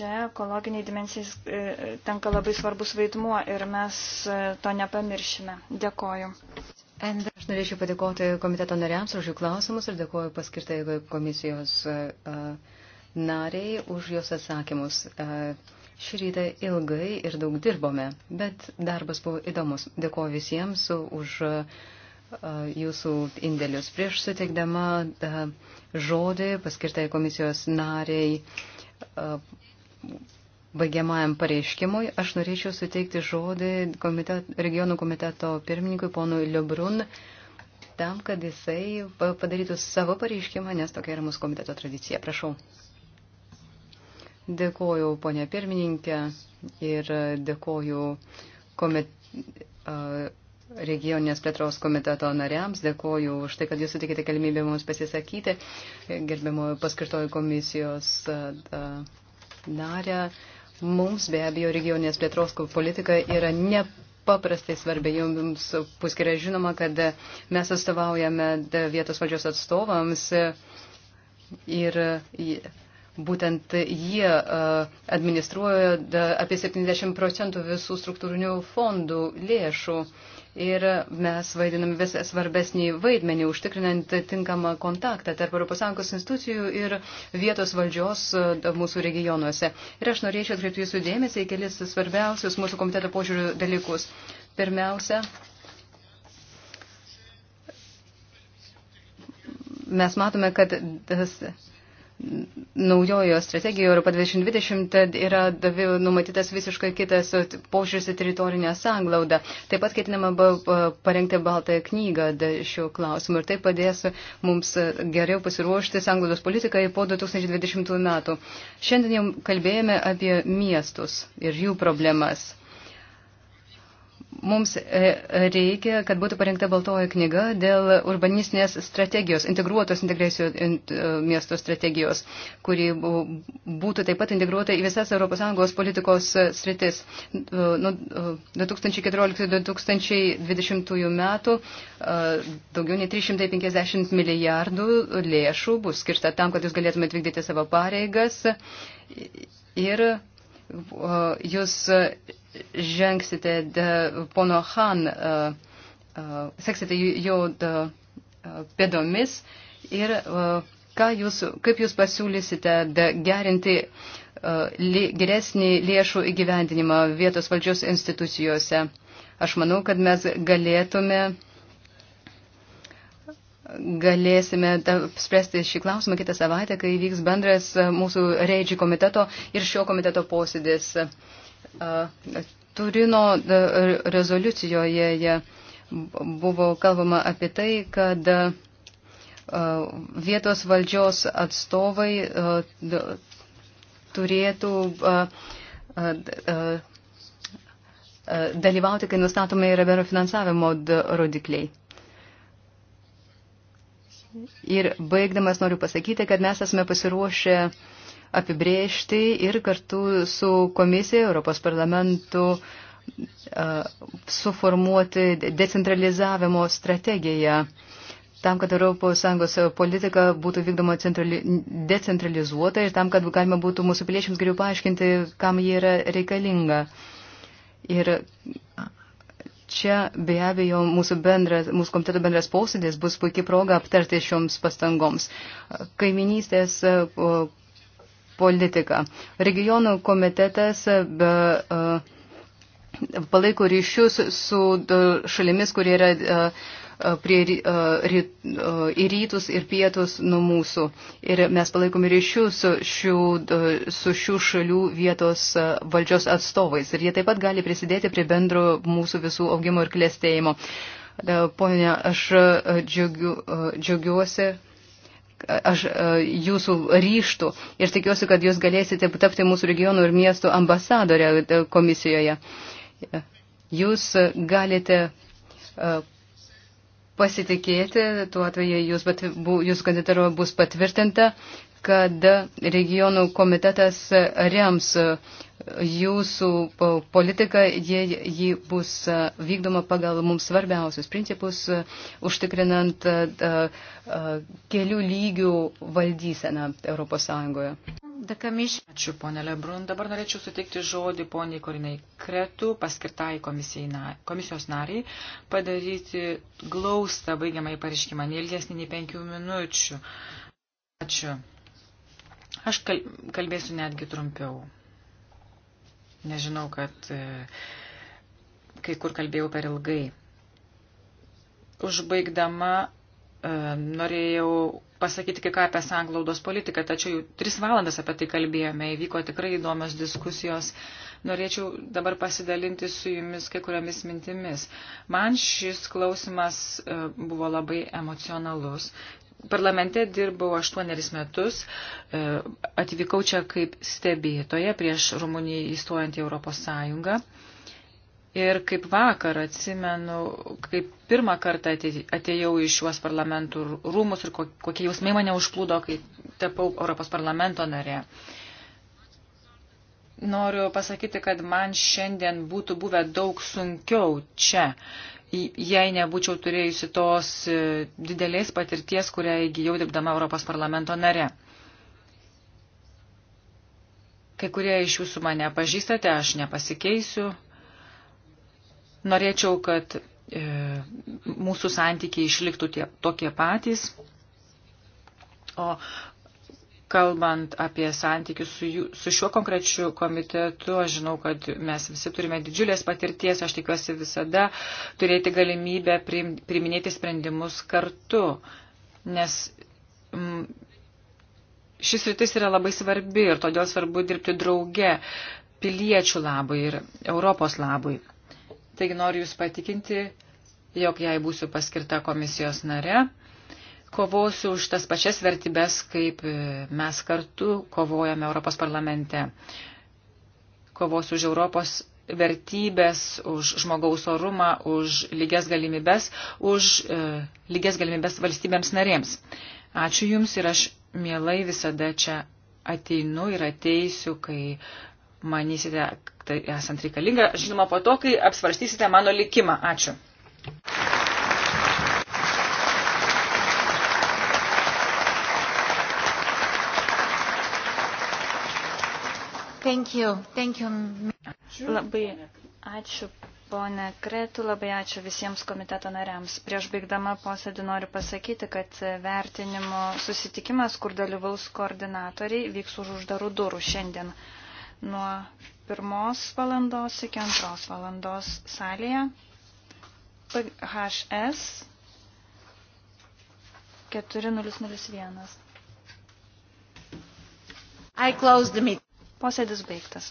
čia ekologiniai dimensijai e, tenka labai svarbus vaidmuo ir mes e, to nepamiršime. Dėkoju. And... Aš norėčiau padėkoti komiteto nariams už jų klausimus ir dėkoju paskirtai komisijos e, nariai už jos atsakymus. Šį rytą ilgai ir daug dirbome, bet darbas buvo įdomus. Dėkoju visiems už jūsų indėlius. Prieš suteikdama žodį paskirtai komisijos nariai baigiamajam pareiškimui aš norėčiau suteikti žodį komitet, regionų komiteto pirmininkui ponui Liubrun tam, kad jisai padarytų savo pareiškimą, nes tokia yra mūsų komiteto tradicija. Prašau. Dėkoju, ponė pirmininkė, ir dėkoju komit, regioninės plėtros komiteto nariams. Dėkoju už tai, kad jūs sutikite galimybę mums pasisakyti, gerbimo paskirtojų komisijos narę. Da, Mums be abejo regioninės plėtros politika yra nepaprastai svarbi. Jums puskiria žinoma, kad mes atstovaujame vietos valdžios atstovams ir Būtent jie e, administruoja apie 70 procentų visų struktūrinių fondų lėšų ir mes vaidiname vis svarbesnį vaidmenį, užtikrinant tinkamą kontaktą tarp ES institucijų ir vietos valdžios e, mūsų regionuose. Ir aš norėčiau atkreipti jūsų dėmesį į kelis svarbiausius mūsų komiteto požiūrių dalykus. Pirmiausia, mes matome, kad tas naujojo strategijoje Europa 2020 yra numatytas visiškai kitas požiūris į teritorinę sanglaudą. Taip pat ketinama parengti baltąją knygą šiuo klausimu ir tai padės mums geriau pasiruošti sanglaudos politikai po 2020 metų. Šiandien jau kalbėjome apie miestus ir jų problemas mums e, reikia, kad būtų parengta baltoji knyga dėl urbanistinės strategijos, integruotos integracijos e, miesto strategijos, kuri būtų taip pat integruota į visas ES politikos sritis. E, nuo 2014-2020 metų daugiau nei 350 milijardų lėšų bus skirta tam, kad jūs galėtumėte vykdyti savo pareigas. Ir jūs žengsite pono Han, e, e, seksite jo e, pėdomis ir jūs, kaip jūs pasiūlysite gerinti geresnį lėšų įgyvendinimą vietos valdžios institucijose. Aš manau, kad mes galėtume galėsime spręsti šį klausimą kitą savaitę, kai vyks bendras mūsų reidžių komiteto ir šio komiteto posėdis. Turino rezoliucijoje buvo kalbama apie tai, kad vietos valdžios atstovai turėtų dalyvauti, kai nustatome yra bero finansavimo rodikliai. Ir baigdamas noriu pasakyti, kad mes esame pasiruošę uh, apibriežti ir kartu su komisija Europos parlamentu suformuoti decentralizavimo strategiją tam, kad ES politika būtų vykdoma centrali, decentralizuota ir tam, kad galima būtų mūsų piliečiams geriau paaiškinti, kam jie yra reikalinga. Ir čia be abejo mūsų, bendras, mūsų komiteto bendras posėdis bus puikiai proga aptarti šioms pastangoms. Kaiminystės politiką. Regionų komitetas be, e, palaiko ryšius su e, šalimis, kurie yra e, prie, ry, į rytus ir pietus nuo mūsų. Ir mes palaikome ryšius su šių, su šių šalių vietos valdžios atstovais. Ir jie taip pat gali prisidėti prie bendro mūsų visų augimo ir klėstėjimo. Pone, aš džiugiu, džiugiuosi aš e, jūsų ryštų ir tikiuosi, kad jūs galėsite tapti mūsų regionų ir miestų ambasadorė e, komisijoje. Jūs galite e, pasitikėti, tuo atveju jūs, jūsų kandidatūra bus patvirtinta, kad regionų komitetas rems jūsų politika, jei ji bus vykdoma pagal mums svarbiausius principus, užtikrinant kelių lygių valdyseną Europos Sąjungoje. Ačiū, ponė Lebrun. Dabar norėčiau sutikti žodį poniai Korinai Kretų, paskirtai komisijos nariai, padaryti glaustą baigiamą įpareiškimą, neilgesnį nei penkių minučių. Ačiū. Aš kalbėsiu netgi trumpiau. Nežinau, kad e, kai kur kalbėjau per ilgai. Užbaigdama e, norėjau pasakyti kai ką apie sanglaudos politiką, tačiau jau tris valandas apie tai kalbėjome, įvyko tikrai įdomios diskusijos. Norėčiau dabar pasidalinti su jumis kai kuriomis mintimis. Man šis klausimas e, buvo labai emocionalus parlamente dirbau aštuoneris metus, e, atvykau čia kaip stebėtoja prieš Rumuniją įstojant į Europos Sąjungą. Ir kaip vakar atsimenu, kaip pirmą kartą atėjau į šiuos parlamentų rūmus ir kokie jausmai mane užplūdo, kai tapau Europos parlamento narė. Uh, Noriu pasakyti, kad man šiandien būtų buvę daug sunkiau čia, jei nebūčiau turėjusi tos e, didelės patirties, kurią įgyjau dirbdama Europos parlamento nare. Kai kurie iš jūsų mane pažįstate, aš nepasikeisiu. Norėčiau, kad e, mūsų santykiai išliktų tie, tokie patys. O kalbant apie santykius su, jų, su šiuo konkrečiu komitetu, aš žinau, kad mes visi turime didžiulės patirties, aš tikiuosi visada turėti galimybę priim, priminėti sprendimus kartu, nes m, mm, šis rytis yra labai svarbi ir todėl svarbu dirbti drauge piliečių labui ir Europos labui. Taigi noriu Jūs patikinti, jog jei būsiu paskirta komisijos nare, kovosiu už tas pačias vertybės, kaip e, mes kartu kovojame Europos parlamente. Kovosiu už Europos vertybės, už žmogaus orumą, už lygias galimybės, už e, lygias galimybės valstybėms narėms. Ačiū Jums ir aš mielai visada čia ateinu ir ateisiu, kai manysite, tai esant reikalinga, žinoma, po to, kai apsvarstysite mano likimą. Ačiū. Thank you. Thank you. Labai ačiū, ponė Kretu, labai ačiū visiems komiteto nariams. Prieš baigdama posėdį noriu pasakyti, kad vertinimo susitikimas, kur dalyvaus koordinatoriai, vyks už uždarų durų šiandien nuo pirmos valandos iki antros valandos salėje. HS 4001. I close the meeting. Posėdis baigtas.